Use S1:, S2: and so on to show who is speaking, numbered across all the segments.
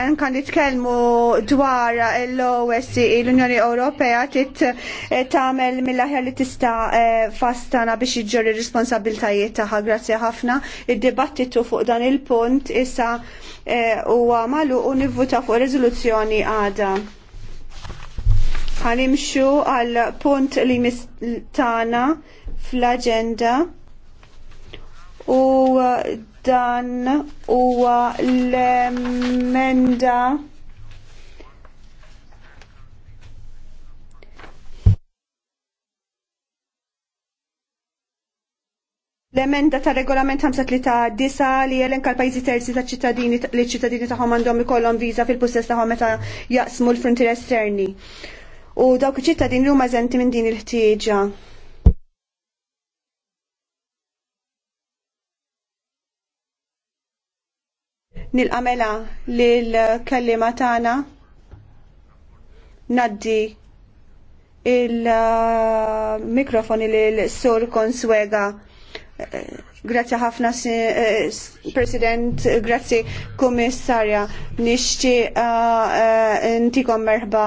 S1: anka nitkellmu dwar l-OSCE l-Unjoni Ewropea tit eh, tagħmel mill-aħjar li tista' eh, fastana biex jiġġor ir-responsabiltajiet tagħha. Grazzi ħafna. Id-dibattitu fuq dan il-punt issa eh, huwa magħluq u nivvuta fuq riżoluzzjoni għada. Ħanimxu għal punt li mistana fl-aġenda u dan huwa l-emenda L-emenda ta' regolament disa li jelenka l-pajzi terzi ta' ċittadini li ċittadini tagħhom għandhom ikollhom viża fil-possess tagħhom meta jaqsmu l-frontier esterni. U dawk iċ-ċittadini huma eżenti minn din il-ħtieġa. nil-għamela l-kellima tagħna naddi il-mikrofoni l-sur Konswega. Grazie ħafna, eh, President, grazie Komissarja. Nixti uh, eh, uh, eh, intikom merħba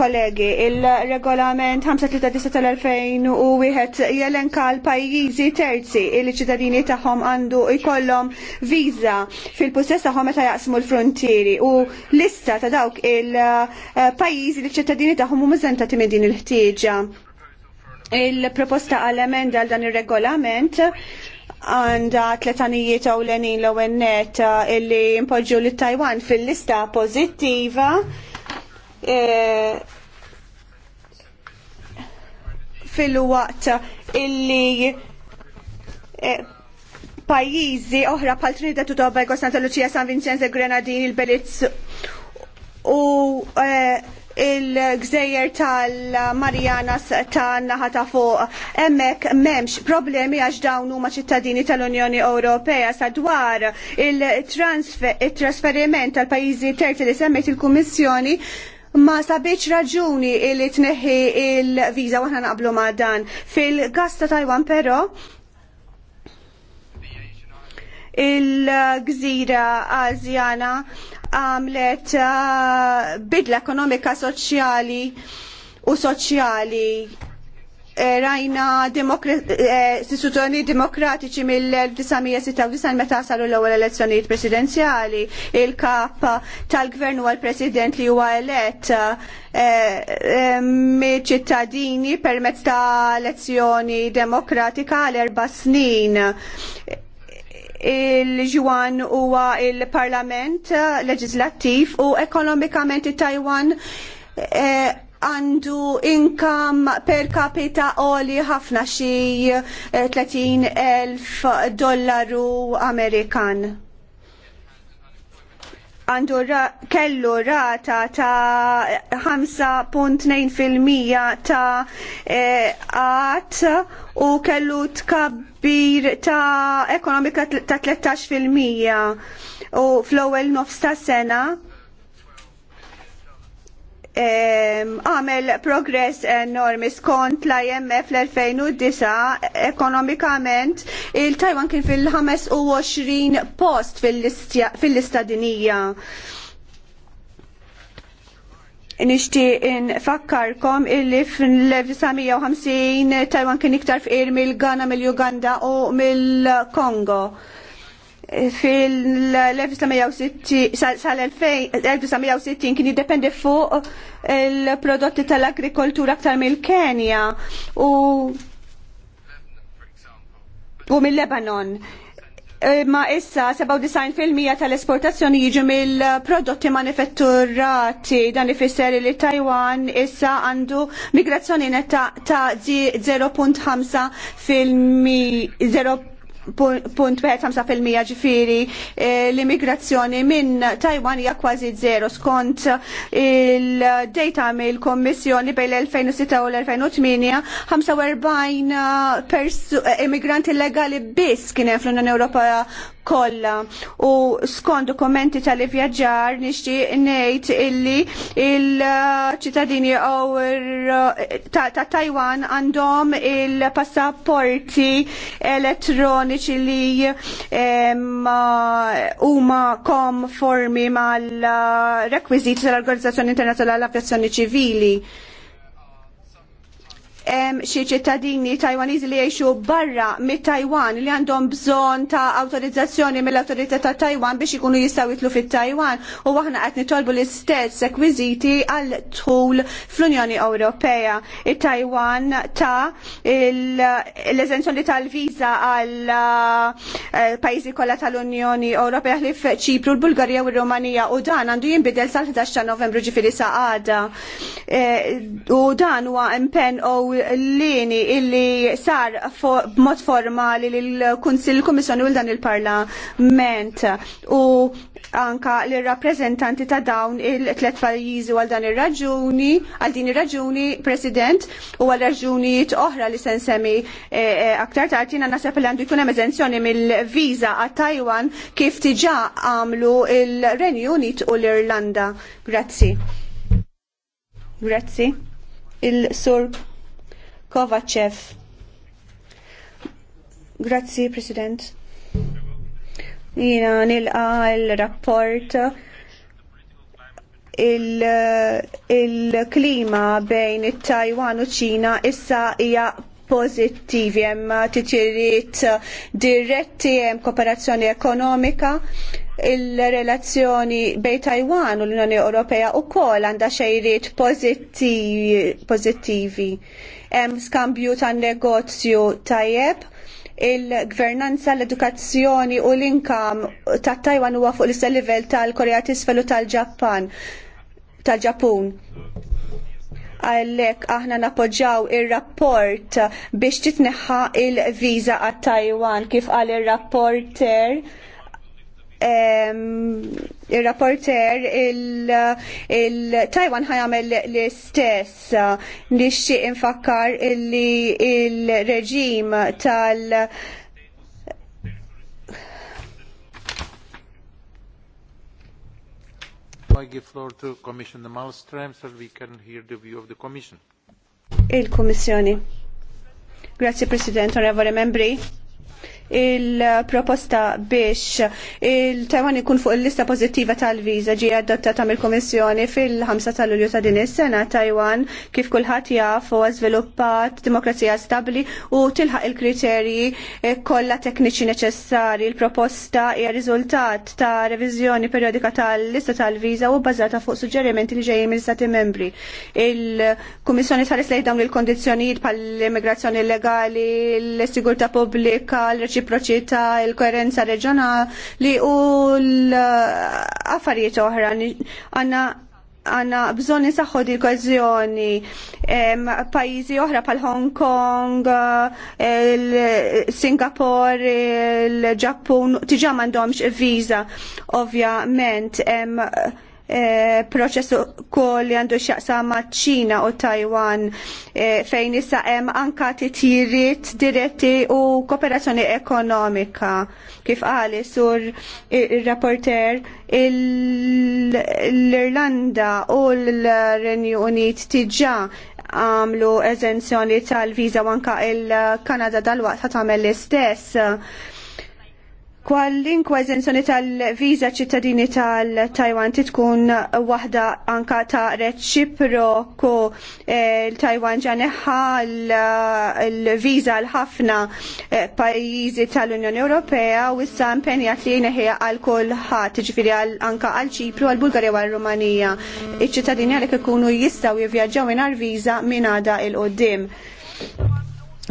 S1: kollegi, il-regolament 539 tal-2001 jelenka l-pajjiżi terzi il-ċittadini tagħhom għandu jkollhom viża fil-possess tagħhom meta jaqsmu l-frontieri u lista ta' dawk il-pajjiżi li ċittadini tagħhom huma żentati minn din il-ħtieġa. Il-proposta għal-emenda għal dan ir-regolament għanda tletanijiet ewlenin l-ewwel net illi impoġġu l tajwan fil-lista pożittiva E, fil-waqt illi e, pajjiżi oħra pal Trinidad u Tobago, Santa Lucia, San Vincenzo, Grenadini, il-Beliz u e, il-gżejjer tal-Marianas tan-naħa ta' fuq. Hemmhekk m'hemmx problemi għax dawn huma ċittadini tal-Unjoni Ewropea sadwar il-trasferiment tal-pajjiżi terzi li semmejt il-Kummissjoni ma sabiex raġuni li tneħi il-viza waħna naqblu ma dan. fil gasta ta' Taiwan pero, il-gżira Azjana għamlet uh, bidla ekonomika soċjali u soċjali Eh, rajna eh, istituzzjoni demokratiċi mill-1996 meta saru l-ewwel elezzjonijiet presidenzjali, il-kap tal-gvern huwa l-president li huwa elett eh, ċittadini permezz ta' elezzjoni demokratika għal erba' snin il-ġwan huwa il-parlament leġislattiv u ekonomikament il-Taiwan għandu income per capita oli ħafna xi 30.000 eh, dollaru Amerikan. Għandu ra kellu rata ta' 5.2% ta' eh, għat e, u kellu tkabbir ta' ekonomika ta' 13% u fl-ewwel nofs ta' sena għamel progress enormi skont l-IMF l-2009 ekonomikament il-Taiwan kien fil-25 post fil-lista dinija. Nishti nfakkarkom illi fil-1950 Taiwan kien iktar fqir mill-Ghana, mill-Uganda u mill-Kongo. mill ghana mill uganda u mill kongo fil-1960 sal-1960 kien jiddependi fuq il-prodotti tal-agrikoltura aktar mill-Kenja u u mill-Lebanon. Ma issa 97% tal-esportazzjoni jiġu mill-prodotti manifetturati dan ifisser li Taiwan issa għandu migrazzjoni netta ta' 0.5 fil-mi punt il-mija ġifiri eh, l-immigrazzjoni minn Taiwan hija kważi zero skont il-data mill kommissjoni bejn l-2006 u l-2008 45 eh, eh, immigranti illegali biss kien hemm fl-Unjoni Ewropea kollha u skont dokumenti tal-ivvjaġġar nixtieq ngħid illi il-ċittadini ta' Taiwan għandhom il-passaporti elettroniċi ekonomiċi li huma konformi mal-rekwiżiti tal-Organizzazzjoni Internazzjonali għall Avjazzjoni Ċivili xi ċittadini Tajwaniżi li jgħixu barra mit-Tajwan li għandhom bżonn ta' awtorizzazzjoni mill autorità ta' Tajwan biex ikunu jistgħu jitlu fit-Tajwan u aħna qed nitolbu l-istess rekwiżiti għal tħul fl-Unjoni Ewropea. It-Tajwan ta' l-eżenzjoni tal viza għal eh, pajjiżi kollha tal-Unjoni Ewropea li f'Ċipru, l-Bulgarija u l rumanija u dan għandu jinbidel sal-11 ta' Novembru ġifieri sa' għada. Eh, u dan huwa impenn u lini illi sar b'mod formali lill-Kunsill il-Kummissjoni u dan il-Parlament u anka l rappreżentanti ta' dawn il-tlet pajjiżi għal dan ir-raġuni, għal din ir-raġuni, President, u għal raġunijiet oħra li se nsemmi eh, eh, aktar tard jiena naħseb li għandu jkun hemm eżenzjoni mill-viża għat Taiwan kif diġà għamlu il-Renju Unit u l-Irlanda. Grazzi. Grazzi. Il-Sur Kovacev. Grazzi, President. Jina nilqa l-rapport il-klima il bejn it-Tajwan u ċina issa hija pozittivi, hemm titjiriet diretti hemm kooperazzjoni ekonomika il-relazzjoni bej Taiwan u l-Unjoni Ewropea wkoll għandha xejriet pozittivi hemm skambju tan negozju tajjeb il-gvernanza, l-edukazzjoni u l-inkam ta' Taiwan huwa fuq l-istess livell tal-Korea t'isfel u tal-Ġappan, tal-Ġapun. Għalhekk aħna napoġġaw ir-rapport biex titneħħa il-viża għat-Taiwan kif qal ir-rapporter il-rapporter il-Taiwan ħajamel l-istess li xie infakkar li il-reġim tal-
S2: I give floor to Commissioner Malmström so we can hear the view of the Commission.
S1: Il-Kommissjoni. Grazie President, onorevoli membri il-proposta biex il-Taiwan ikun fuq il-lista pozittiva tal-viza ġi adottata mill-Komissjoni fil-5 ta' Lulju ta' din is-sena Taiwan kif kulħadd jaf u żviluppat demokrazija stabbli u tilħaq il-kriterji eh, kollha tekniċi neċessari. Il-proposta hija riżultat ta' reviżjoni periodika tal-lista tal-viża u bbażata fuq suġġerimenti li ġejjin mill-Stati membri. Il-Kummissjoni tal-Islejt dawn il-kondizzjonijiet pal-immigrazzjoni legali, l-sigurta pubblika, l-reċi reċiproċità, il-koerenza reġjonali u l-affarijiet oħra. Għanna għanna bżon nisaxħu di kważjoni pajizi oħra pal Hong Kong, il-Singapore, il-Ġappun, tiġa mandomx viza, ovvjament. Eh, proċessu proċess ukoll li għandu xaqsa maċ-Ċina u Taiwan eh, fejn issa hemm anka titjiriet diretti u kooperazzjoni ekonomika. Kif qali sur eh, il rapporter l-Irlanda u l-Renju Unit tiġa għamlu eżenzjoni tal-viża u anka il-Kanada dal-waqt ħatamel l-istess Kwallinkwa eżenzjoni tal-viża ċittadini tal-Taiwan tkun waħda anka ta' reċiproku eh, l-Taiwan ġaneħħa l-viża l-ħafna eh, pajjiżi tal-Unjoni Ewropea u issa impenjat li jneħħija għal kulħadd, ġifieri anka għal Ċipru, għal Bulgarija u għal Rumanija. Iċ-ċittadini għalek ikunu jistgħu jivvjaġġaw mingħajr viża minn għada il-qudiem.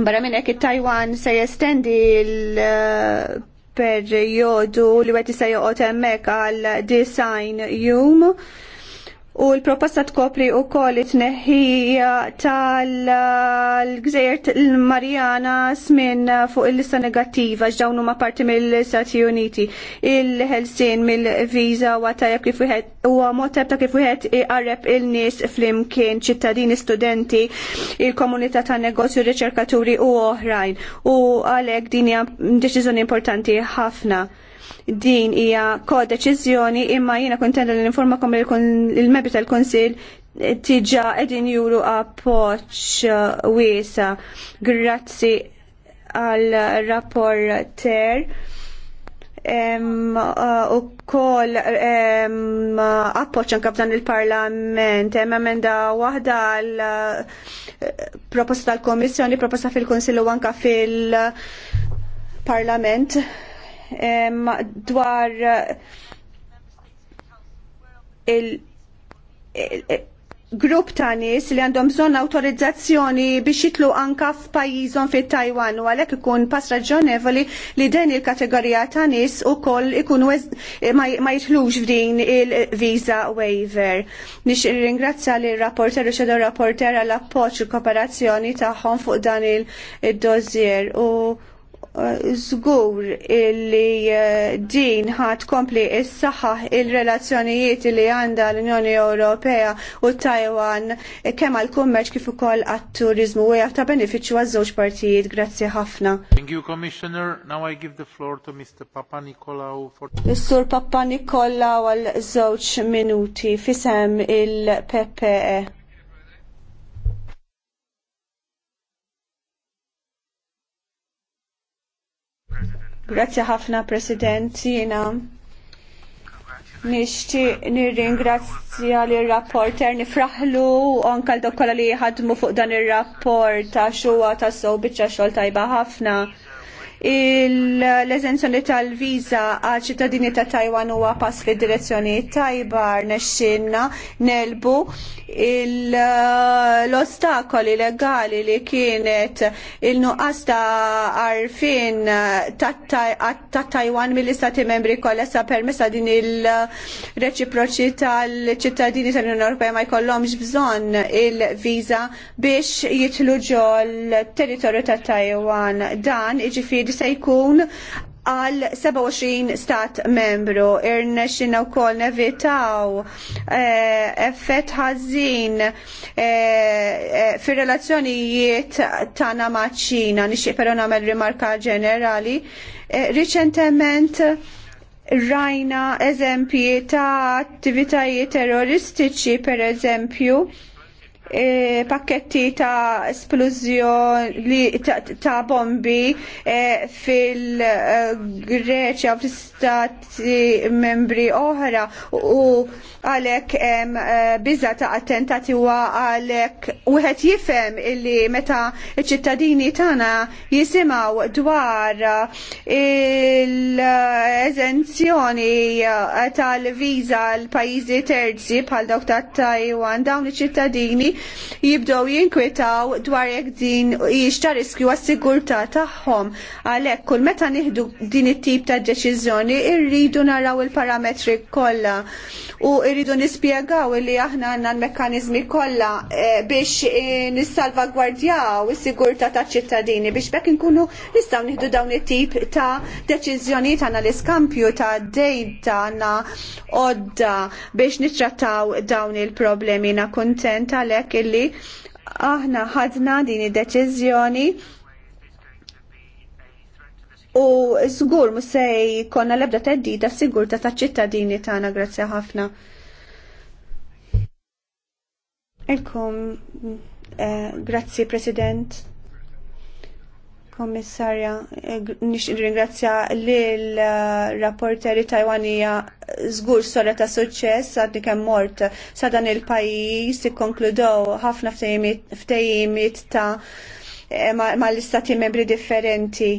S1: Barra minn hekk it-Taiwan se jestendi l per jodu li għet jista' joqgħod hemmhekk għal design jum u l-proposta tkopri u koll it-neħija tal-gżejjer Marijana smin fuq il-lista negattiva ġdawnu ma parti mill-Stati Uniti il-ħelsin mill-viza u jek kif u għamotab ta' kif uħed iqarreb il-nis fl-imkien ċittadini studenti il-komunità ta' negozju riċerkaturi u oħrajn u għalek dinja deċiżjoni importanti ħafna din hija kodeċiżjoni imma jiena kontenta li informakom il-membri tal-Kunsill tiġa qegħdin juru appoġġ wiesa. Grazzi għal rapporter ter u kol appoċ anka f'dan il-parlament hemm emenda waħda għal eh, proposta tal-Komissjoni, proposta fil u anka fil-Parlament dwar eh, il- eh, eh, grupp ta' nies li għandhom bżonn awtorizzazzjoni biex jitlu anka f'pajjiżhom fit-Tajwan u għalhekk ikun pass raġonevoli li din il-kategorija ta' nies ukoll ikunu ma jitħlux f'din il-visa waiver. Nix ringrazzja li rapporter u xedo rapporter għall appoġġ u kooperazzjoni tagħhom fuq dan il-dozier u Zgur eh, li eh, din ħat kompli s-saħħa il-relazzjonijiet li għanda l-Unjoni Ewropea u Taiwan kemm għal kummerċ kif ukoll għat-turizmu u għafta benefiċċju għaż-żewġ partijiet. Grazzi ħafna. Thank you, Commissioner. Now I give
S2: the floor to Mr. Papa Nicolau for...
S1: Is-Sur Papa Nikolaou għal żewġ minuti fisem il-PPE. Grazzi ħafna President, jina nishti nirringrazzja li rapporter nifraħlu anke l-dokkola li ħadmu fuq dan il-rapport ta' xuwa ta' sow bieċa xol tajba ħafna l-eżenzjoni tal-viza għal ċittadini ta' Taiwan huwa pass fi direzzjoni tajbar nexxinna nelbu l-ostakoli legali li kienet il-nuqqas ta' arfin ta' Taiwan mill-istati membri kollha sa' permessa din il reċiproċi tal ċittadini tal-Unjoni Ewropea ma jkollhomx bżonn il-viża biex jitlu ġol territorju ta' Taiwan dan iġifieri ġifiri se jkun għal 27 stat membru irnexina u kol nevitaw eh, effett ħazin eh, eh, fir relazzjonijiet tana maċċina nixie pero namel rimarka ġenerali riċentement rajna eżempji ta' attivitajiet terroristiċi per eżempju E, pakketti ta' esplużjoni ta, ta', bombi e, fil-Greċja u fl-istati membri oħra u għalek e, biza ta' attentati u għalek u għet jifem illi meta ċittadini tana jisimaw dwar il-ezenzjoni tal-viza l-pajizi terzi bħal dawk ta' Taiwan dawn iċ-ċittadini jibdew jinkwetaw dwar jekk din hijiex ta' riskju għas-sigurtà tagħhom. Għalhekk kull meta nieħdu din it-tip ta' deċiżjoni rridu naraw il-parametri kollha u rridu nispjegaw li aħna għandna l-mekkaniżmi kollha eh, biex eh, nissalvagwardjaw is-sigurtà taċ-ċittadini biex bekk inkunu nistgħu nieħdu dawn it-tip ta' deċiżjonijiet għandna l-iskampju ta' dejta għandna għodda biex nittrattaw dawn il-problemi na kuntent għalhekk illi aħna ħadna din id-deċiżjoni u żgur musej konna jkollna l-ebda teddida sigurta taċ-ċittadini tagħna grazzi ħafna. Ilkom, eh, grazzi President. Kommissarja, nix ringrazzja l-rapporteri uh, Tajwanija zgur uh, storja ta' suċċess għaddi kemm mort sa' dan il-pajis ikkonkludow ħafna ftejimiet ta' eh, ma' l-istati membri differenti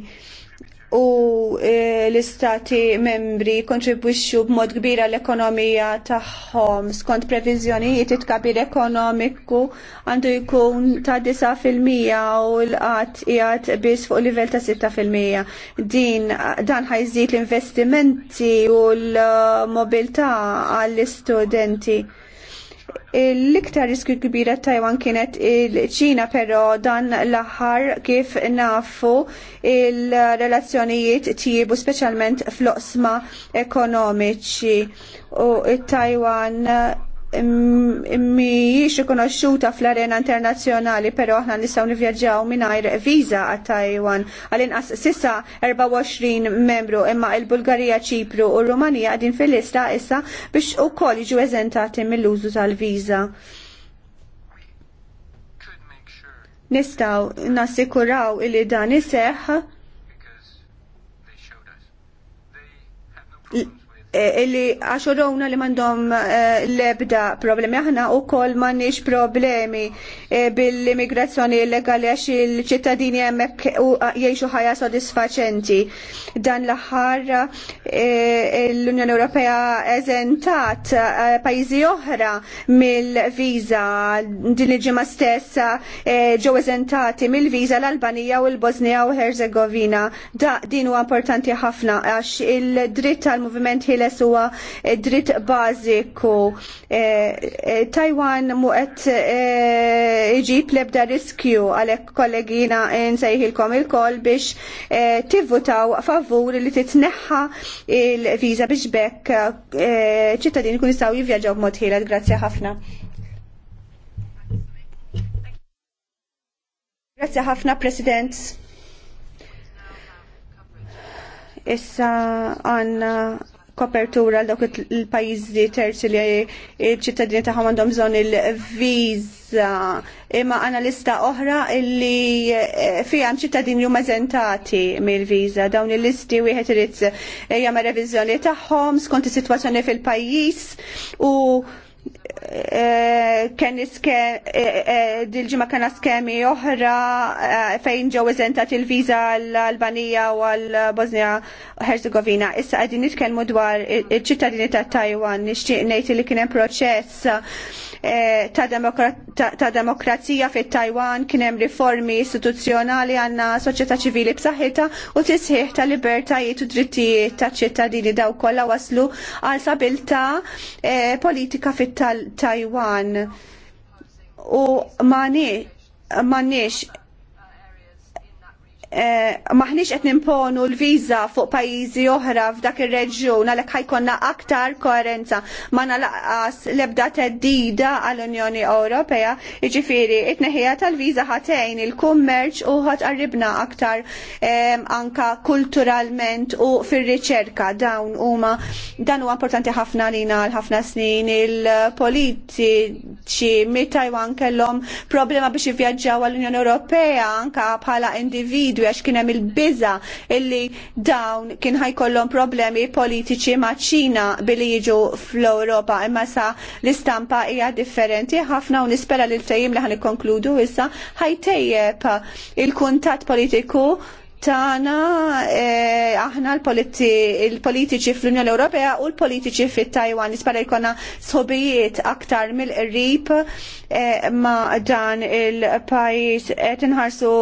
S1: u e, l-istati membri kontribwixxu b'mod kbir għall-ekonomija tagħhom skont previżjonijiet it-kabir ekonomiku għandu jkun ta' 9% u l-qatt qiegħed biss fuq livell ta' 6%. Din dan ħajżid l-investimenti u l-mobilità għall-istudenti L-iktar riskju kbira Taiwan kienet il-ċina, pero dan l-aħħar kif nafu il-relazzjonijiet tjibu specialment fl-oqsma ekonomiċi u Taiwan Mi mhijiex ikonoxxuta fl-arena internazzjonali, però aħna nistgħu nivvjaġġaw mingħajr viża għat Taiwan. Għal-inqas sissa 24 membru imma il-Bulgarija, Ċipru u Rumanija qegħdin fil-lista issa biex ukoll jiġu eżentati mill-użu tal-viża. Nistgħu nassikuraw li dan iseħħ Eh, illi għaxorowna li mandom eh, lebda problemi. Aħna u kol mannix problemi eh, bil-immigrazzjoni illegali għax il-ċittadini jemmek u jiexu ħajja sodisfaċenti. Dan l-ħar l-Unjoni Ewropea eżentat pajizi oħra mill-viza din il-ġimma stessa ġew eżentati mill-viza l-Albanija u l-Bosnija u Herzegovina. Da din huwa importanti ħafna għax il-dritt tal-moviment ħieles huwa dritt bażiku. Eh, eh, Taiwan mu qed eh, iġib lebda riskju għalhekk kollegina nsejħilkom il-koll biex tivvutaw favur li titneħħa il-viża biex bekk ċittadini kun jistgħu jivvjaġġaw b'mod ħielet. Grazzi ħafna. Grazie ħafna, President. Issa għanna kopertura l-dawk il-pajizi terzi li ċittadini taħħom għandhom bżon il-viza imma lista oħra li eh, fijam ċittadini huma eżentati mill-viza dawn il-listi wieħed irid jagħmel reviżjoni tagħhom skont is-sitwazzjoni fil-pajjiż u Eh, kien eh, eh, dil-ġimma kena skemi oħra fejn ġew eżentat il-viża l-Albanija u l-Bosnia Herzegovina. Issa qegħdin nitkellmu dwar iċ-ċittadini ta' Taiwan, nixtieq ngħid li kien hemm proċess Eh, ta', demokra ta demokrazija fit tajwan kien hemm riformi istituzzjonali għandna soċjetà ċivili b'saħħitha u tisħiħ ta' libertajiet u drittijiet ta' ċittadini daw kollha waslu għal sabilta eh, politika fit tajwan u mani manniex Eh, maħniex qed nimponu l-viża fuq pajjiżi oħra f'dak ir-reġjun għalhekk ħajkonna aktar koerenza ma nalaqas l-ebda teddida għall-Unjoni Ewropea, jiġifieri t tal-viża ħatejn il-kummerċ u ħat qarribna aktar anka kulturalment u fir-riċerka dawn huma dan huwa importanti ħafna lina għal ħafna snin il-politiċi mit-Taiwan kellhom problema biex jivvjaġġaw għall-Unjoni Ewropea anka bħala individu individwi għax kien hemm il-biża illi dawn kien ħajkollhom problemi politiċi ma' ċina billi jiġu fl-Ewropa imma sa l-istampa hija differenti ħafna u nispera li l-tejjim li ħan ikkonkludu issa ħajtejjeb il-kuntat politiku Tana eh, aħna l-politiċi fl-Unjoni Ewropea u l-politiċi fit-Taiwan nispara jkollna sobijiet aktar mill-qrib eh, ma' dan il-pajjiż qed inħarsu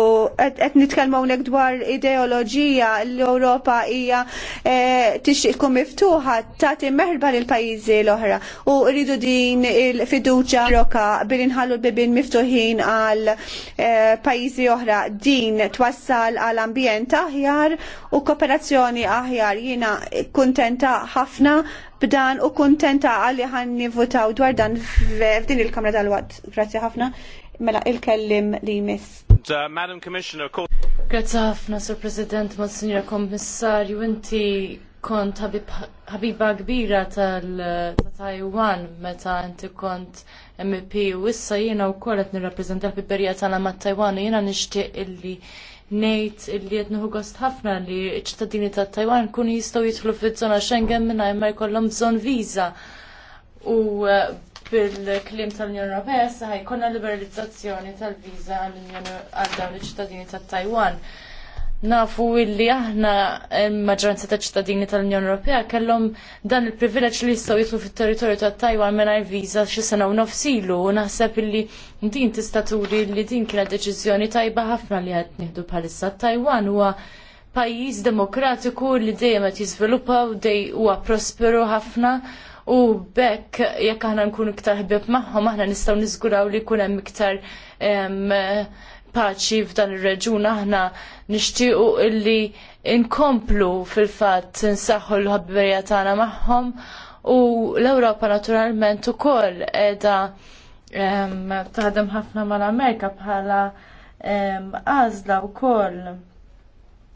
S1: qed nitkellmu hawnhekk dwar ideoloġija l-Ewropa hija eh, tixtieq tkun miftuħa tagħti meħrba lil pajjiżi l-oħra u rridu din il-fiduċja roka bil inħallu l-bibin miftuħin għal eh, pajjiżi oħra din twassal għal ambjent ambjent aħjar u kooperazzjoni aħjar. Jiena kuntenta ħafna b'dan u kuntenta għalli ħanni votaw dwar dan f'din il-Kamra tal wad Grazie ħafna. Mela il-kellim li jmiss. Uh, Madam Commissioner, Grazzi ħafna, Sir President, Monsignor Kommissarju,
S2: inti kont ħabiba kbira tal-Taiwan meta inti kont MP u issa jiena wkoll qed nirrappreżenta l-biberija tagħna mat-Taiwan u jiena nixtieq illi ngħid illi qed nieħu gost ħafna li ċ-ċittadini ta' Taiwan kun jistgħu jidħlu fiż-żona Schengen mingħajr ma jkollhom bżonn viża. U uh, bil-klim tal-Unjoni Ewropea issa ħajkonna liberalizzazzjoni tal-viża għal dawn iċ-ċittadini ta' Taiwan nafu illi aħna eh, maġranza ta' ċittadini tal-Unjoni Ewropea kellhom dan il-privileġġ li jistgħu jidħlu fit-territorju ta' Taiwan mingħajr viża xi sena u nofsilu u naħseb illi din tista' turi li din kienet deċiżjoni tajba ħafna li qed nieħdu bħalissa Taiwan huwa pajjiż demokratiku li dejjem qed jiżviluppa u dej huwa prosperu ħafna u bekk jekk aħna nkunu iktar ħbieb magħhom aħna nistgħu niżguraw li jkun hemm iktar paċi f'dan ir-reġun aħna nixtiequ illi inkomplu fil-fatt insaħħu l-ħabberija tagħna magħhom u l-Ewropa naturalment ukoll qiegħda taħdem ħafna mal-Amerika bħala għażla wkoll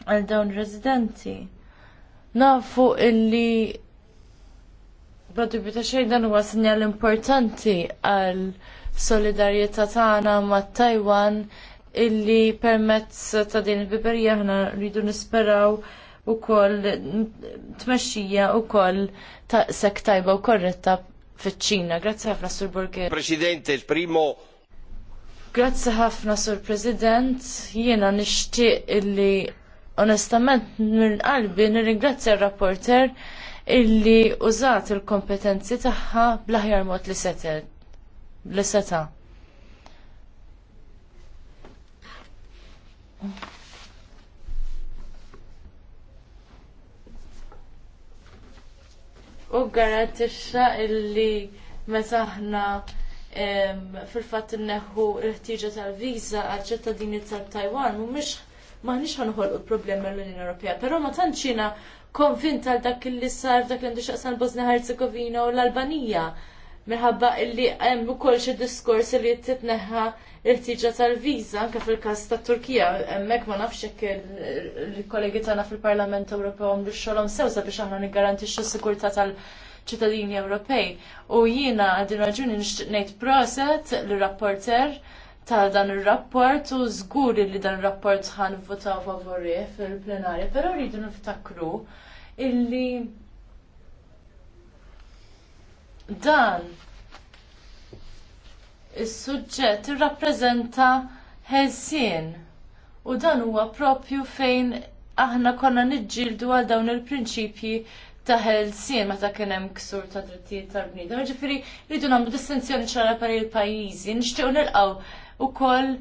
S2: għal dawn residenti. Nafu illi Badu bita xejn dan huwa sinjal importanti għal solidarjetà tagħna mat Taiwan illi permezz ta' din il-biberija ħna rridu nisperaw u koll tmexxija u koll ta' tajba u korretta fiċ-Ċina. Grazzi ħafna Sur Burger. Presidente, il primo Grazzi ħafna Sur President, jiena nixtieq illi onestament minn qalbi nirringrazzja r-rapporter illi użat il-kompetenzi tagħha bl-aħjar mod li setet. Li seta' U isha illi meta aħna fil-fatt inneħħu l tal-viża għal ċittadini tal-Taiwan mhumiex maħniex ħanħolqu l-problemi l-Unjoni Ewropea, però ma tantx konvinta għal dak li sar dak l għandu xaqsan Bosnia Herzegovina u l-Albanija minħabba illi hemm ukoll xi diskors li titneħħa l-ħtiġa tal-viża anke fil-każ tat Turkija hemmhekk ma nafx hekk il-kollegi tagħna fil-Parlament Ewropew biex xogħolhom sew biex aħna niggarantixxu s-sigurtà tal-ċittadini Ewropej. U jiena għadin raġuni nixtieq ngħid proset l-rapporter ta' dan ir-rapport u zgur li dan ir-rapport għan votaw favorih fil-plenarja, però rridu niftakru illi dan is-suġġett irrappreżenta ħelsien u dan huwa proprju fejn aħna konna niġġieldu għal dawn il-prinċipji ta' ħelsien meta kien hemm ksur ta' drittijiet tal-bniedem. Ġifieri rridu nagħmlu distinzjoni ċara per il-pajjiżi, nixtiequ nilqgħu wkoll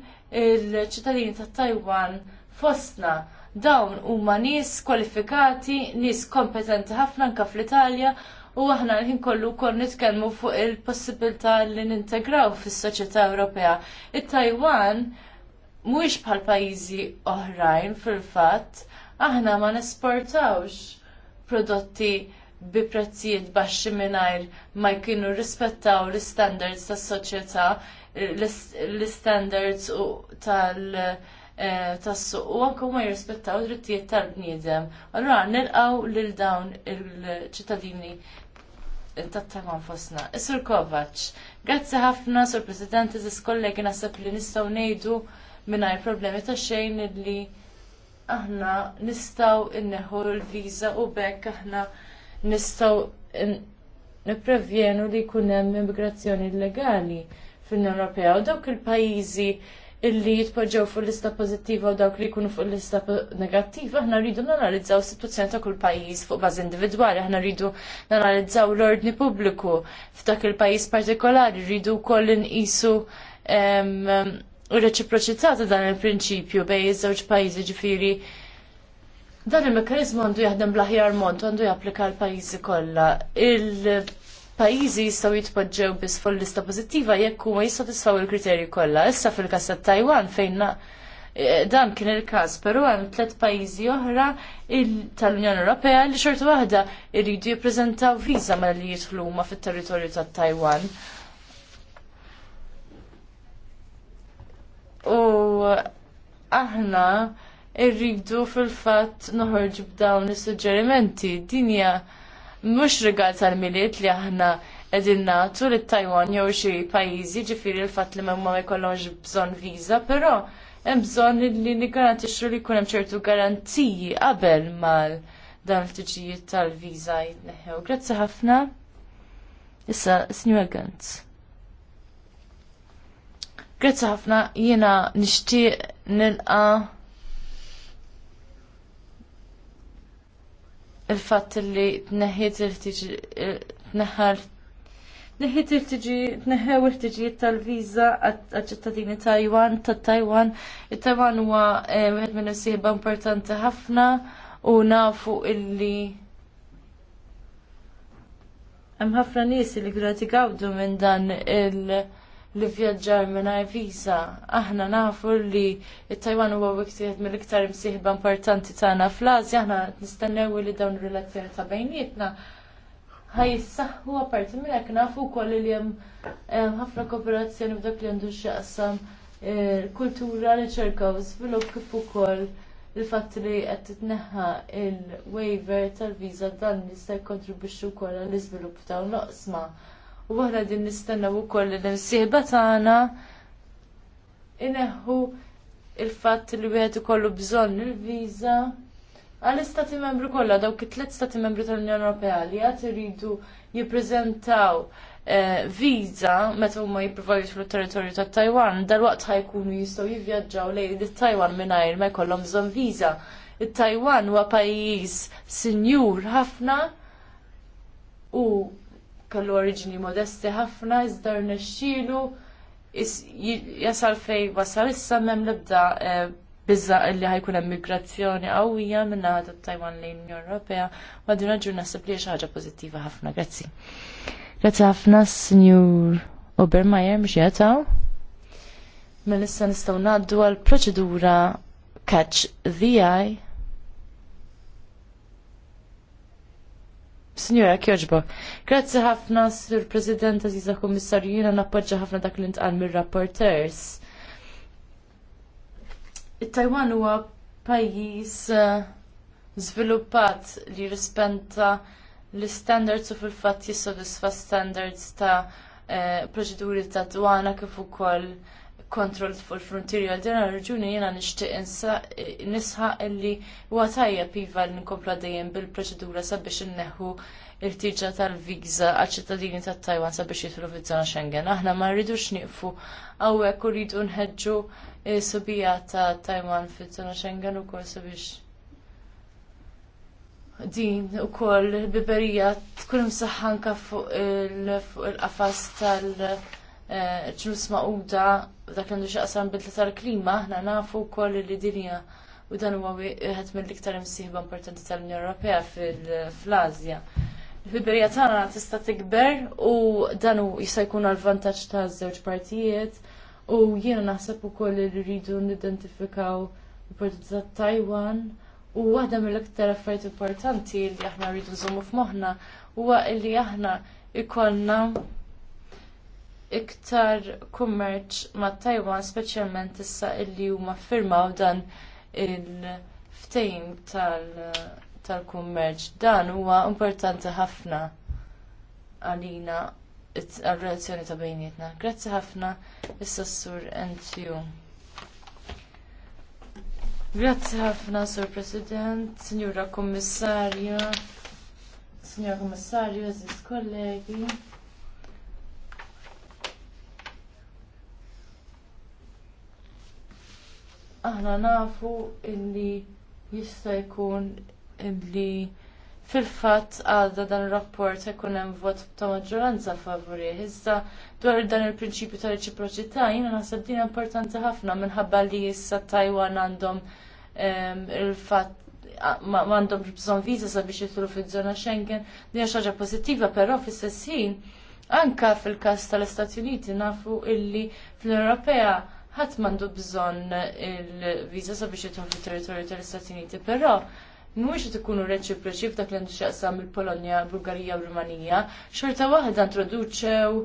S2: il-ċittadini ta' Taiwan fostna dawn huma nies kwalifikati, nies kompetenti ħafna anke fl-Italja u aħna l-ħin kollu kol nitkellmu fuq il-possibilità li nintegraw fis-soċjetà Ewropea. It-Taiwan mhuwiex bħal pajjiżi oħrajn fil-fatt, aħna ma nesportawx prodotti bi prezzijiet baxxi mingħajr ma jkienu rispettaw l-istandards tas-soċjetà, l-istandards tal- Eh, tas u anke huma jirrispettaw drittijiet tal-bniedem. Allura nilqgħu lil dawn il-ċittadini tat-taman fosna. Isur Kovac, grazzi ħafna sur President iżis kollegi naħseb li nistgħu ngħidu mingħajr problemi ta' xejn li aħna nistgħu inneħu l-viża u bekk aħna nistgħu nipprevjenu li jkun hemm immigrazzjoni illegali fl-Unjoni Ewropea u dawk il-pajjiżi illi jitpoġġew fuq lista pożittiva u dawk li jkunu fuq lista negattiva, aħna rridu nanalizzaw situazzjoni ta' kull pajjiż fuq bażi individwali, aħna rridu nanalizzaw l-ordni pubbliku f'dak il-pajjiż partikolari, rridu wkoll inqisu reċiproċità ta' dan il-prinċipju bejn iż-żewġ pajjiżi ġifieri dan il-mekanizmu għandu jaħdem bl-aħjar mod, għandu japplika l-pajjiżi kollha. Il pajjiżi jistgħu jitpoġġew biss fuq lista pożittiva jekk huma jissodisfaw il-kriterji kollha. Issa fil-każ ta' Taiwan fejn e, dan kien il-każ, però hemm tliet pajjiżi oħra tal-Unjoni Ewropea li xorta waħda jridu jippreżentaw viża mela li jidħlu huma fit-territorju ta' Taiwan. U aħna irridu fil-fatt noħorġu b'dawn is-suġġerimenti. Dinja mhux rigal tal-miliet li aħna edin natu li Taiwan jew xi pajjiżi ġifiri l-fatt li ma jkollhomx bżonn viża, però hemm bżonn li xru li jkun hemm ċertu garantiji qabel mal dan l-tiġijiet tal-viża jitneħħew. Grazzi ħafna. Issa, Signora Gantz. Grazzi ħafna, jiena nixtieq nilqa' il-fatt li tneħħiet il-tneħħal Neħħit il-tiġi, neħħew il-tiġijiet tal-viza għal-ċittadini Taiwan, ta' Taiwan. Taiwan huwa eh, wieħed minn sieba importanti ħafna u nafu illi hemm ħafna nies li grati minn dan il- li vjaġġar mingħajr viża. Aħna nafu li il-Tajwan huwa wiktiet mill-iktar imsiħba importanti tagħna fl-Asja, aħna nistennew li dawn ir-relazzjoni ta' bejnietna Huwa apparti minn hekk nafu wkoll li hemm eh, ħafna kooperazzjoni f'dak li għandu x'jaqsam eh, kultura li ċerkaw żvilupp kif ukoll il-fatt li qed titneħħa il-waiver tal-viża dan jista' jikkontribwixxi wkoll għall-iżvilupp ta' noqsma u għahna din nistennaw ukoll li l-imsieħba tagħna ineħħu il-fatt li wieħed ikollu bżonn il viza għal-istati membru kollha daw it-tliet stati membru tal-Unjoni Ewropea li għad iridu jippreżentaw eh, viża meta huma jippruvaw fil territorju tat Taiwan, dal-waqt ħajkunu jistgħu jivvjaġġaw lejn it-Taiwan mingħajr ma jkollhom bżonn viża. it Taiwan huwa pajjiż sinjur ħafna u kellu oriġini modesti ħafna iżda rnexxielu jasal fej wasal issa m'hemm l-ebda eh, bizza li ħajkun hemm migrazzjoni qawwija minnaħa tat-Taiwan lejn l-Unjoni Ewropea ma' din raġun naħseb li xi ħaġa pożittiva ħafna, grazzi. Grazzi ħafna Sinjur Obermeyer biex jataw. Melissa nistgħu ngħaddu għall proċedura catch the eye Signora Kjoġbo, grazzi ħafna sur President Aziza Komissarju, jina nappoġġa ħafna dak li ntqal mir-rapporters. Taiwan huwa pajjiż eh, żviluppat li rispenta l-standards u fil-fatt jissodisfa standards ta' eh, proċeduri ta' dwana kif ukoll kontrol fuq frontieri għal din raġuni jiena nixtieq nisħaq illi huwa tajjeb iva li nkompla dejjem bil-proċedura sabiex inneħħu l-ħtiġa tal-viża għaċ-ċittadini tat-Tajwan sabiex jidħlu fiż-żona Schengen. Aħna ma rridux nieqfu hawnhekk u rridu nħeġġu subija ta' Tajwan fiż-żona Schengen ukoll sabiex din ukoll il-biberija tkun msaħħanka fuq il-qafas tal- Eh, ġnus maquda dak għandu xaqsan bil tal-klima, aħna nafu wkoll li dinja u dan huwa wieħed mill-iktar imsieħba importanti tal-Unjoni Ewropea fil-Azja. Il-ħiberija tagħna tista' tikber u dan jista' jkun għal vantaġġ ta' żewġ partijiet u jiena naħseb ukoll li rridu nidentifikaw l-importanti ta' Taiwan u waħda mill-iktar affarijiet importanti li aħna rridu nżommu f'moħħna huwa li aħna ikollna iktar kummerċ ma' Taiwan, speċjalment issa illi huma ffirmaw dan il-ftejm tal-kummerċ. Dan huwa importanti ħafna għalina għal-relazzjoni ta' bejnietna. Grazzi ħafna issa sur NTU. Grazzi ħafna, Sur President, Signora Kummissarja, Signora Kommissarju, Aziz Kollegi. aħna nafu illi jista' jkun illi fil-fatt għadda dan ir-rapport ikun hemm vot ta' maġġoranza favori. Iżda dwar dan il-prinċipju ta' reċiproċità jiena naħseb din importanti ħafna minħabba li issa Taiwan għandhom il-fatt m'għandhom bżonn viża sabiex jidħlu fiż-żona Schengen, din hija ħaġa pożittiva, però fis-sessin anka fil-każ tal-Istati Uniti nafu illi fl-Ewropea ħadd m'għandu bżonn il-viża sabiex jidħol fit-territorju tal-Istati Uniti, però mhuwiex qed ikunu reċiproċi f'dak li għandu x'jaqsam il-Polonja, Bulgarija u Rumanija, xorta waħda introduċew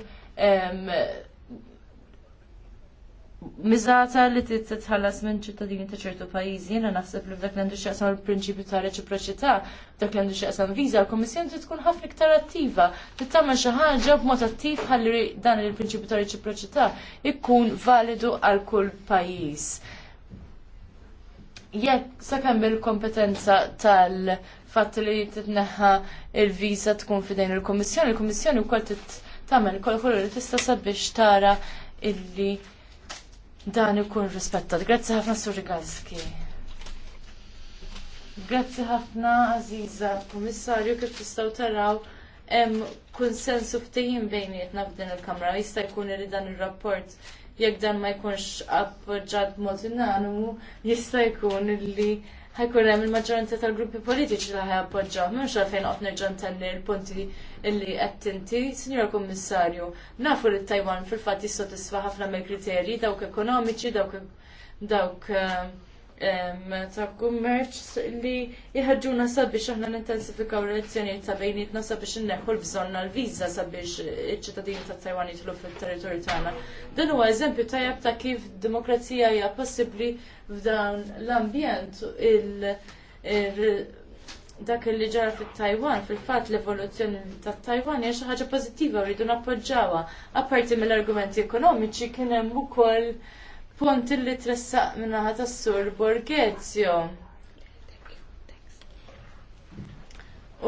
S2: Mizzata li titħallas minn ċittadini ta' ċertu pajjiżi, jiena naħseb li f'dak l għandu x'jaqsam il-prinċipju ta' reċiproċità, dak li għandu x'jaqsam viża, l-Kummissjoni trid tkun ħafna iktar attiva, trid tagħmel xi ħaġa b'mod attiv ħalli dan il-prinċipju ta' reċiproċità jkun validu għal kull pajjiż. Jekk sakemm il-kompetenza tal fatt li titneħħa il-viża tkun fidejn il-Kummissjoni, il-Kummissjoni wkoll tagħmel kollu li tista' sabiex tara illi dan ikun rispettat. Grazzi ħafna Galski. Grazzi ħafna Aziza, Kummissarju, kif tistaw taraw hemm konsensu ftehim bejnietna f'din il-Kamra. Jista' jkun irid dan ir-rapport jekk dan ma jkunx appoġġat b'mod unanimu, jista' jkun li ħajkun hemm il-maġġoranza tal-gruppi politiċi li appoġġjaw. m'hemmx għalfejn qed nerġa' ntenni l-punti illi qed inti, Sinjor Kummissarju, nafu li Taiwan fil-fatt jissodisfa ħafna mill-kriterji dawk ekonomiċi, dawk e- dawk eh, ta' kummerċ li jħagġuna sabiex aħna nintensifikaw relazzjoniet ta' bejnietna sabiex inneħħu l-bżonna l-viża sabiex iċ-ċittadini ta' Taiwan jitlu fil-territorju tagħna. Dan huwa eżempju tajjeb ta' kif demokrazija hija possibbli f'dan l-ambjent il- dak li ġara fit-Taiwan, fil-fatt l-evoluzzjoni tat Taiwan hija xi ħaġa pożittiva rridu nappoġġawha. Apparti mill-argumenti ekonomiċi kien hemm ukoll punt li tressaq minnaħa tas-sur Borghezio.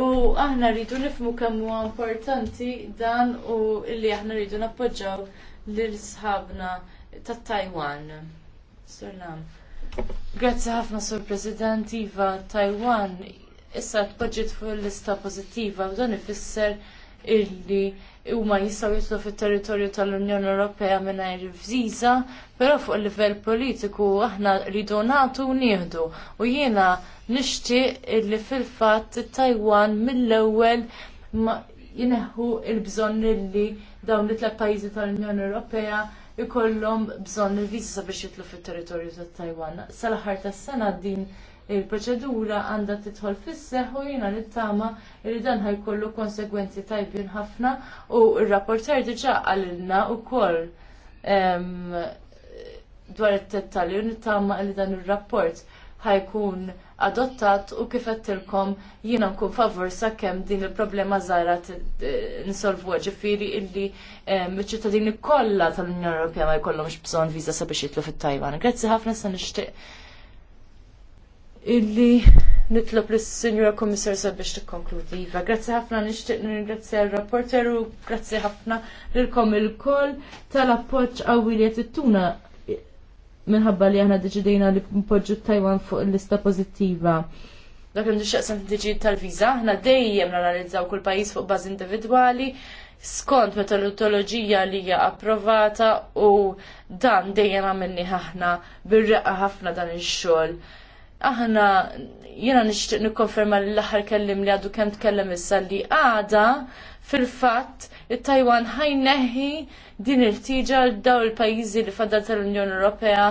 S2: U aħna rridu nifmu kemm huwa importanti dan u illi aħna rridu nappoġġaw lil sħabna ta' Taiwan. Sur Lam. Grazzi ħafna sur President Iva Taiwan issa tpoġġiet fuq il lista pożittiva u dan ifisser illi huma jistgħu jitlu fit-territorju tal-Unjoni Ewropea mingħajr viża, però fuq il-livell politiku aħna rridu nagħtu u nieħdu. U jiena nixtieq illi fil-fatt Taiwan mill-ewwel jineħħu il-bżonn illi dawn li tlet pajjiżi tal-Unjoni Ewropea ikollhom bżonn il-viża biex jitlu fit-territorju tat-Taiwan. Sal-aħħar tas-sena din il-proċedura għandha tidħol fis seħħ u jiena nittama li dan ħajkollu konsegwenzi tajbin ħafna u r-rapporter diġà qalilna wkoll dwar it-tettalju nittama li dan ir-rapport ħajkun adottat u kif tilkom jiena nkun favur sakemm din il-problema żgħira nisolvu ġifieri illi ċittadini kollha tal-Unjoni Ewropea ma jkollhomx bżonn viża sabiex jitlu fit-Tajwan. Grazzi ħafna se nixtieq illi nitlob lis sinjura Komissar sabiex tikkonkludi. Iva, grazzi ħafna nixtieq nirringrazzja l-rapporter u grazzi ħafna lilkom il-koll tal-appoġġ qawwi li qed ittuna minħabba li aħna deċidejna li npoġġu Taiwan fuq il-lista pożittiva. Dak li tiġi tal-viża, aħna dejjem nanalizzaw kull pajjiż fuq bażi individwali skont metodoloġija li hija approvata u dan dejjem għamilni ħafna bir-reqqa ħafna dan ix-xogħol aħna jiena nixtieq nikkonferma l aħħar kellim li għadu kemm tkellem issa li għada fil-fatt il taiwan ħajneħi din il-tiġa l-daw il-pajizi li fadda tal-Unjoni Ewropea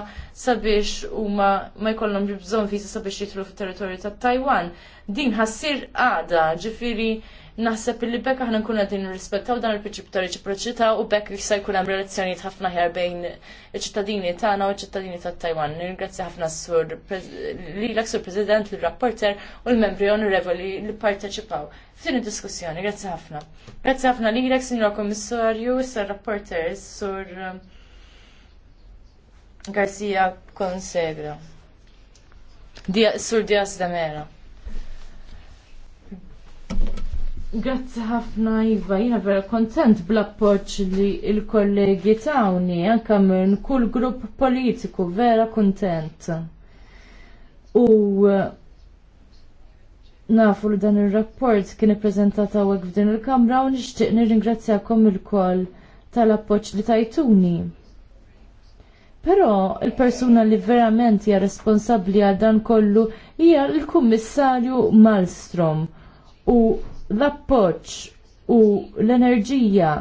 S2: sabiex u ma, jkollhom bżonn viża sabiex jitlu fit-territorju tat-Taiwan. Din ħassir għada, ġifiri naħseb li bekk aħna nkun din rispettaw dan il-prinċip ta' reċiproċità u bekk li jkun hemm relazzjonijiet ħafna ħjar bejn iċ-ċittadini tagħna u iċ ċittadini tat-Taiwan. Ningrazzi ħafna sur lilek sur President, l rapporter u l-membri onorevoli li pparteċipaw. Fin id-diskussjoni. Grazzi ħafna. Grazzi ħafna li lilek, Sinjor Kommissarju, sar rapporters sur um, Garcia Consegra. Dia, sur Dias Damera. Grazzi ħafna Iva, jina vera kontent bl-appoċ li il-kollegi tawni, anka minn kull grupp politiku, vera kontent. U nafu li dan il-rapport kien ippreżentat hawnhekk f'din il-Kamra u nixtieq nirringrazzjakom ilkoll tal-appoġġ li tajtuni. Però il-persuna li verament hija responsabbli għal dan kollu hija l-Kummissarju Malmstrom u l-appoġġ u l-enerġija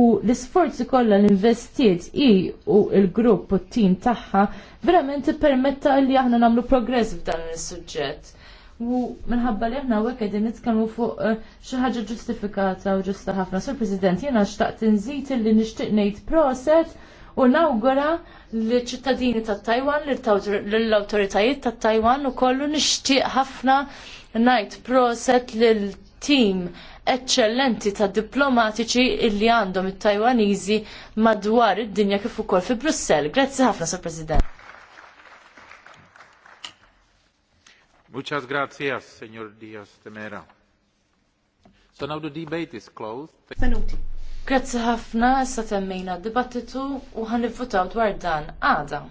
S2: u l-isforzi kollha l-investiet i u l-grupp u t-tim tagħha verament ippermetta li aħna nagħmlu progress f'dan is-suġġett U minħabba li aħna għek għedin nitkellmu fuq eh, xi ħaġa ġustifikata u ġusta ħafna. Sur President, jiena xtaqt inżid li nixtieq ngħid proset u nawgura li ċittadini ta' Taiwan, l-autoritajiet ta' Taiwan u kollu nixtieq ħafna ngħid proset lil tim eccellenti ta' diplomatiċi illi għandhom it-Tajwaniżi madwar id-dinja kif ukoll fi Brussell. Grazzi ħafna, Sur President. Muchas gracias, señor Díaz Temera.
S1: So now the debate is closed.
S2: Sanuti. Grazie ħafna, issa temmejna d-dibattitu u ħanivvutaw dwar dan għada.